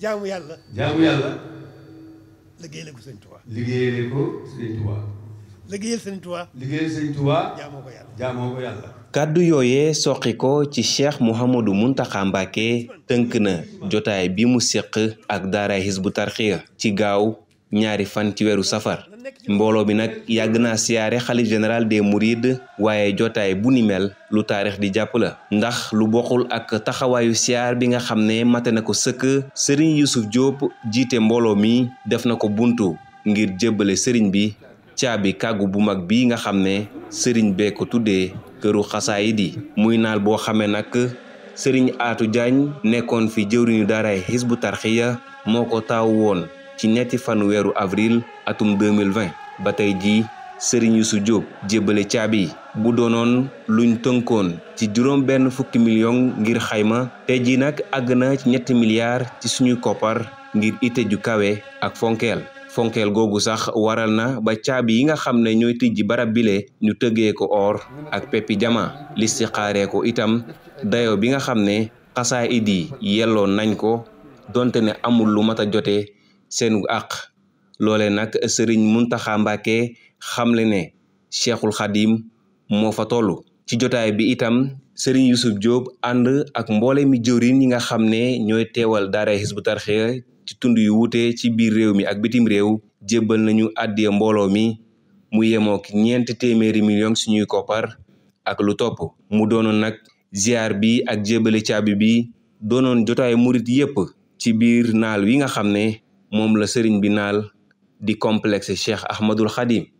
jaamu yàlla. jaamu yàlla. liggéeyale ko sëñ kàddu yooyee soqi ko ci cheikh Mouhamadou Mountakha Mbacké tënk na jotaay bi mu séq ak daara Hizbut Tarqiyyah ci gaaw. ñaari fan ci weeru safar mbooloo bi nag yàgg na siyaare xalif général des mourides waaye jotaay bu ni lu taarix di jàpp la ndax lu bokkul ak taxawaayu siyaar bi nga xam ne mate na ko sëkk sëriñ Youssouf Diop jiite mbooloo mi def na ko buntu ngir jébbale sëriñ bi caabi kàggu bu mag bi nga xam ne sëriñ bee ko tuddee këru xasaay di muy naal boo xamee nag sëriñ Atou Diagne nekkoon fi jëwriñu daaray bu tarxiya moo ko taaw woon ci ñetti fan weeru avril atum 2020 ba tey jii Serigne Youssou Diop jébbale caabi yi bu doonoon luñ tënkoon ci juróom benn fukki million ngir xayma te jii nag àgg na ci ñetti milliards ci suñuy koppar ngir ite ju kawe ak fonkeel fonkeel googu sax waral na ba caabi yi nga xam ne ñooy tijji barab bile ñu tëggee ko or ak peppi jama listixaaree ko itam dayo bi nga xam ne xasaa idi yelloon nañ ko donte ne amul lu mat a jote seenu àq loole nag sëriñ Muntaxa Mbàkke xamle ne cheikhul xadim moo fa tollu ci jotaay bi itam sëriñ Yusuf Diop ànd ak mboole mi jëwriñ yi nga xam ne ñooy teewal daara Hizbut Tarqiyyah ci tund yu wuute ci biir réew mi ak bitim réew jébbal nañu àddiya mbooloo mi mu yemook ñeenti téeméeri million suñuy koppar ak lu topp mu doonoon nag ziar bi ak jébbale caabi bi doonoon jotaay murit yëpp ci biir naal wi nga xam ne moom la serigne bi naal di complexe Cheikh Ahmadul Xadim